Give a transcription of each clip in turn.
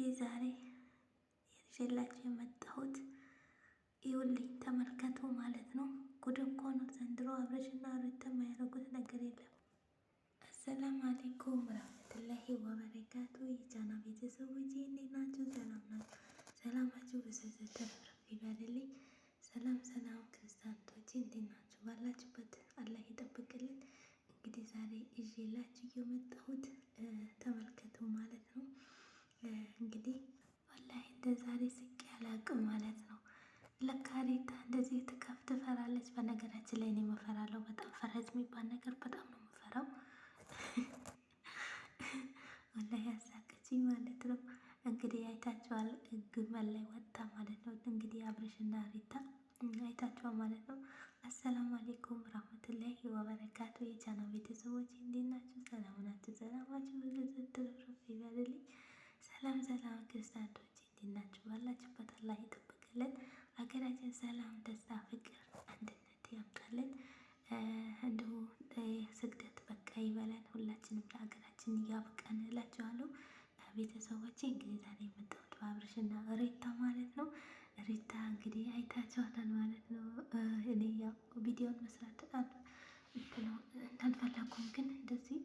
እንግዲህ ዛሬ ይዤላችሁ የመጣሁት ይኸውልኝ ተመልከቱ ማለት ነው። ጉድ እኮ ነው ዘንድሮ አብርሽና ሩታ የማያደርጉት ነገር የለም። አሰላም አሌይኩም ወራህመቱላሂ ወበረካቱ የቻና ቤተሰቦች እንዴት ናችሁ? ሰላም ናችሁ? ሰላማችሁ በሰዘተ ይበልልኝ። ሰላም ሰላም ክርስቲያኖች እንዴት ናችሁ? ባላችሁበት አላህ ይጠብቅልን። እንግዲህ ዛሬ ይዤላችሁ የመጣሁት ተመልከቱ ማለት ነው እንግዲህ ወላሂ እንደ ዛሬ ስቄ አላቅም ማለት ነው። ለካ ሪታ እንደዚህ ትከፍ ትፈራለች። በነገራችን ላይ እኔ የምፈራለሁ በጣም ፈረጅ የሚባል ነገር በጣም ነው የምፈራው። ወላሂ ያሳቀችኝ ማለት ነው። እንግዲህ አይታችኋል፣ ግመል ላይ ወጣ ማለት ነው። እንግዲህ አብርሽና ሪታ አይታችኋል ማለት ነው። አሰላሙ አሌይኩም ረህመቱላሂ ወበረካቱ የቻናል ቤተሰቦች እንዴት ናችሁ? ሰላም ናችሁ? ሰላማችሁ ብዙ ይበልልኝ። ሰላም ሰላም ክርስቲያኖች እንዴት ናችሁ? ባላችሁበት አላህ ይጠብቅልን። ሀገራችን ሰላም፣ ደስታ፣ ፍቅር፣ አንድነት ያምጣልን። እንዲሁ ስግደት በቃ ይበለን። ሁላችንም ለሀገራችን እያበቃን እላችኋለሁ። ቤተሰቦቼ እንግዲህ ዛሬ የመጣሁት እና ሬታ ማለት ነው። ሬታ እንግዲህ አይታችኋታል ማለት ነው። እኔ ያው ቪዲዮን መስራት በጣም እንትን ግን እንደዚህ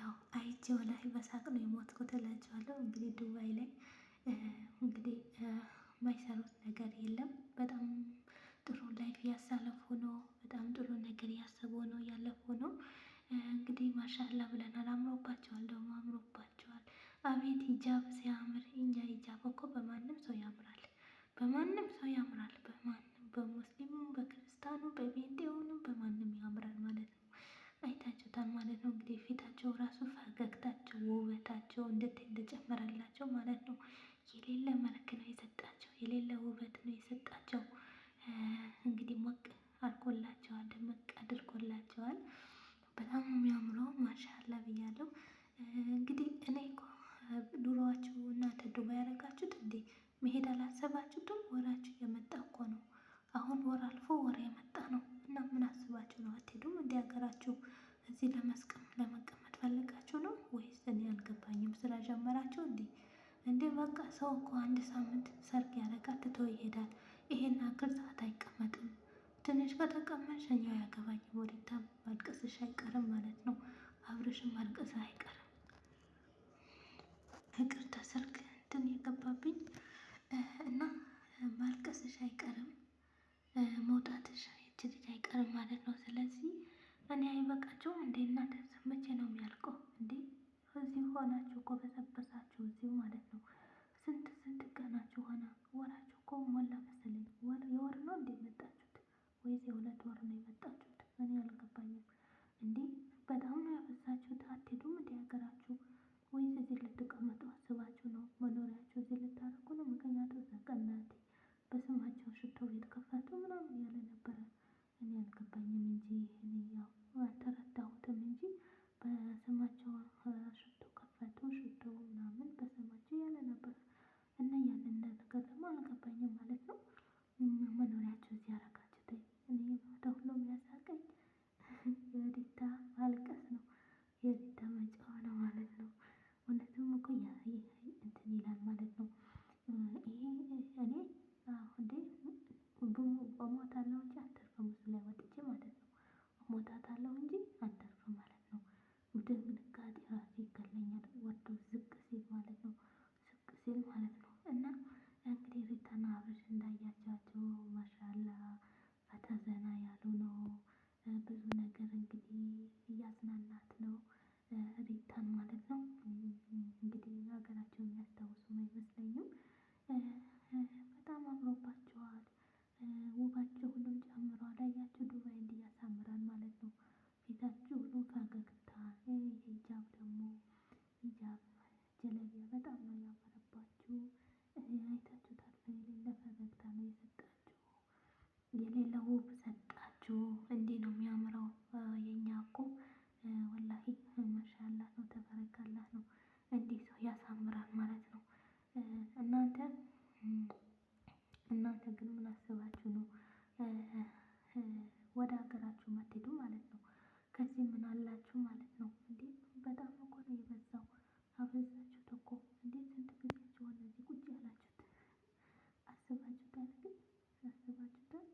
ያው አይቼው ላይ በሳቅ ነው የሞትኩት እላቸዋለሁ። እንግዲህ ዱባይ ላይ እንግዲህ የማይሰሩት ነገር የለም። በጣም ጥሩ ላይፍ ያሳለፉ ነው። በጣም ጥሩ ነገር እያሰቡ ነው እያለፉ ነው። እንግዲህ ማሻላ ብለናል። አምሮባቸዋል፣ ደግሞ አምሮባቸዋል። አቤት ሂጃብ ሲያምር ሲያዩቸው ራሱ ፈገግታቸው ውበታቸው እንዴት እንደጨመረላቸው ማለት ነው። የሌለ መልክ ነው የሰጣቸው፣ የሌለ ውበት ነው የሰጣቸው። እንግዲህ ሞቅ አድርጎላቸዋል፣ ደመቅ አድርጎላቸዋል። በጣም የሚያምረው ማሻላ ብያለሁ። እንግዲህ እኔ እኮ ኑሯችሁ እናንተ ዱባይ ያደረጋችሁት እንዴ መሄድ አላሰባችሁትም? ወራችሁ የመጣው በቃ ሰው እኮ አንድ ሳምንት ሰርግ ያደርጋል፣ ትቶ ይሄዳል። ይሄን አክል ሰዓት አይቀመጥም። ትንሽ ከተቀመጥሽ እኛው ያገባኝ ወደታ ማልቀስሽ አይቀርም ማለት ነው። አብረሽም ማልቀስ አይቀርም። ይቅርታ ሰርግ እንትን የገባብኝ እና ማልቀስሽ አይቀርም፣ መውጣትሽ ይቺ አይቀርም ማለት ነው። ስለዚህ እኔ አይበቃቸው እንዴ እናንተ መቼ ነው የሚያልቀው እንዴ? እዚህ ሆናችሁ እኮ በሰበሳችሁ እዚህ ማለት ነው። ስንት ስንት ቀናችሁ ሆነ? ወራችሁ እኮ ሞላ መሰለኝ። ወር የወር ነው እንዴ የመጣችሁት? ወይስ የሁለት ወር ነው የመጣችሁት? እኔ አልገባኝም። እንዴ በጣም ነው ያፈሳችሁት። አትሄዱም እንዴ ሀገራችሁ? እሞታለሁ እንጂ አልተርፍም እሱ ላይ ወጥቼ ማለት ነው። እሞታታለሁ እንጂ አልተርፍም ማለት ነው። ድንጋጤ ራሱ ይገለኛል ወርዶ ዝቅ ሲል ማለት ነው። ዝቅ ሲል ማለት ነው። እና እንግዲህ ሩታና አብርሽ እንዳያቸዋቸው ማሻላ ፈተዘና ያሉ ነው። ብዙ ነገር እንግዲህ እያዝናናት ነው ሩታን ማለት ነው። እንግዲህ ሀገራቸውን የሚያስታውሱ አይመስለኝም። በጣም አምሮባቸዋል። ውባቸው ሁሉም ጨምሯል። አያችሁ ዱባይ እንዲህ ያሳምራል ማለት ነው። ፊታችሁ ሁሉም ፈገግታ፣ ሂጃብ ደግሞ ሂጃብ ጀለቢያ በጣም ነው ያመረባችሁ አይታችሁታል። የሌለ ፈገግታ ነው የሰጣችሁ፣ የሌለ ውብ ሰጣችሁ። እንዲህ ነው የሚያምረው የኛ እኮ ወላሂ ማሻአላህ ነው ተበረካላህ ነው። እንዲህ ሰው ያሳምራል ማለት ነው እናንተ እናንተ ግን ምን አስባችሁ ነው ወደ ሀገራችሁ የማትሄዱ ማለት ነው? ከዚህ ምን አላችሁ ማለት ነው? እንዴ በጣም እኮ ነው የበዛው። አበዛችሁት እኮ እንዴ! ስንት ሆነ እዚህ ቁጭ ያላችሁት? አስባችሁታል? ግን አስባችሁታል?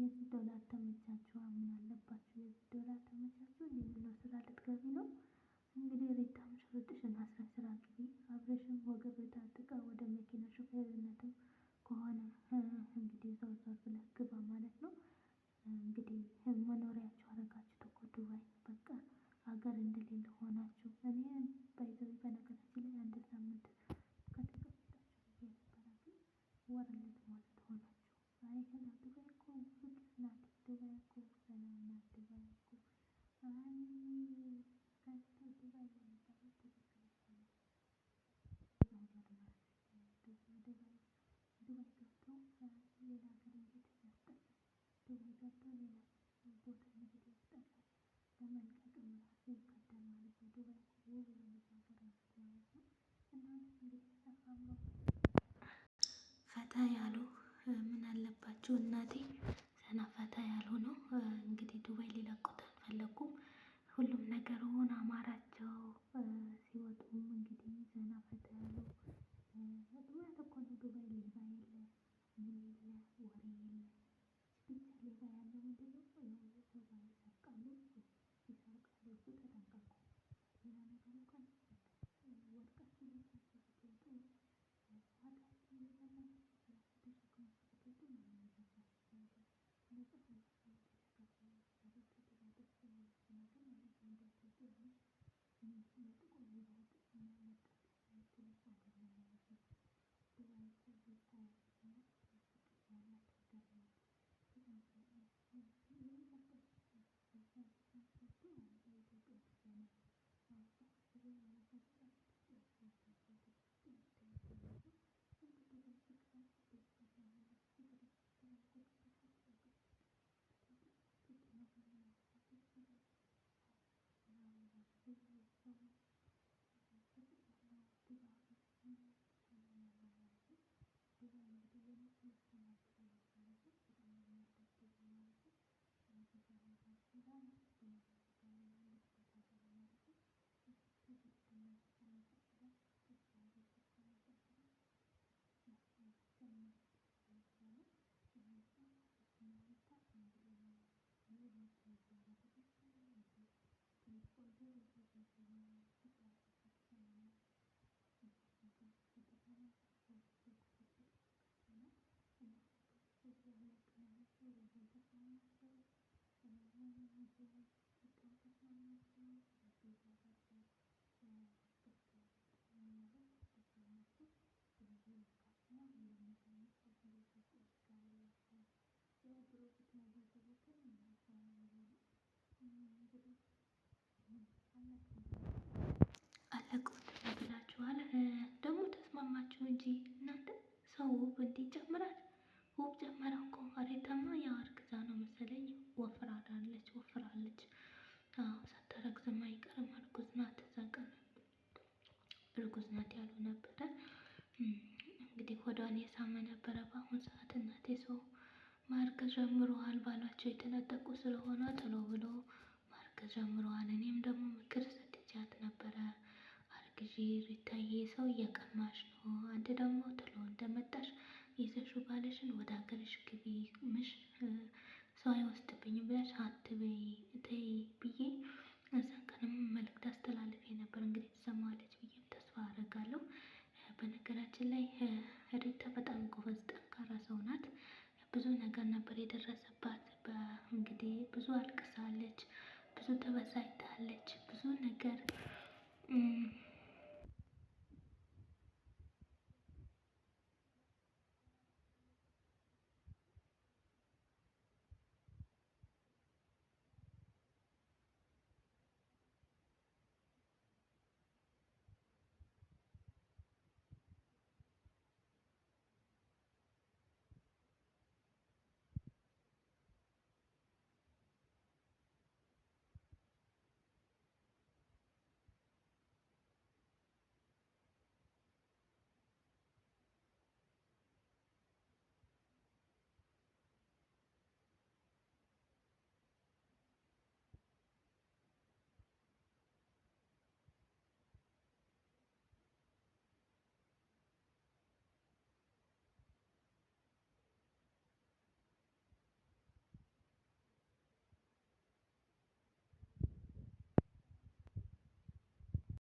የዚህ ዶላር ተመቻችሁ? ምን አለባችሁ? የዚህ ዶላር ተመቻችሁ? የምለው ስራ ልትገቢ ነው እንግዲህ ሬታም ሽርጥሽን ነገር እንደሌለ ሆናችሁ እኔ ባይዘው በነገራችን ላይ አንድ ሳምንት ከተቀመጣችሁ የነበራችሁ ወርነት ሆናችሁ አይ ዱባይ እኮ ናት፣ ዱባይ እኮ ሰላም ናት፣ ዱባይ እኮ አይ ዱባይ የሚባለው ትክክል ዱባይ ሌላ ሀገር እንዴት ያስጠላል። ዱባይ ሌላ ቦታ እንዴት ያስጠላል። ማለት ነው። ዱባይ ማለት ነው። እንግዲህ ፈታ ያሉ ምን አለባቸው እናቴ ናችሁ እንጂ እናንተ ሰው ውበት ይጨምራል። ውብ ጨመረ እኮ አሬታማ ያው አርግዛ ነው መሰለኝ ወፍራለች ወፍራለች። አዎ ሳታረግዝም አይቀርም እርጉዝ ናት። እዛ ቀን እርጉዝ ናት ያሉ ነበረ። እንግዲህ ሆዷን የሳመ ነበረ። በአሁኑ ሰዓት እናቴ ሰው ማርገዝ ጀምረዋል ባሏቸው የተነጠቁ ስለሆነ ጥሎ ብሎ ማርገዝ ጀምረዋል። እኔም ደግሞ ምክር ሰጥቻት ነበረ። ግዢ ሩታዬ፣ ሰው እየቀማሽ ነው። አንድ ደግሞ ቶሎ እንደመጣሽ ይዘሹ ባለሽን ወደ ሀገርሽ ግቢ ምሽ ሰው አይወስድብኝም ብለሽ አትበይ ብዬ እዛን ቀንም መልእክት አስተላልፌ ነበር። እንግዲህ ትሰማዋለች ብዬም ተስፋ አደርጋለሁ። በነገራችን ላይ ሪታ በጣም ጎበዝ፣ ጠንካራ ሰው ናት። ብዙ ነገር ነበር የደረሰባት። እንግዲህ ብዙ አልቅሳለች፣ ብዙ ተበሳጭታለች፣ ብዙ ነገር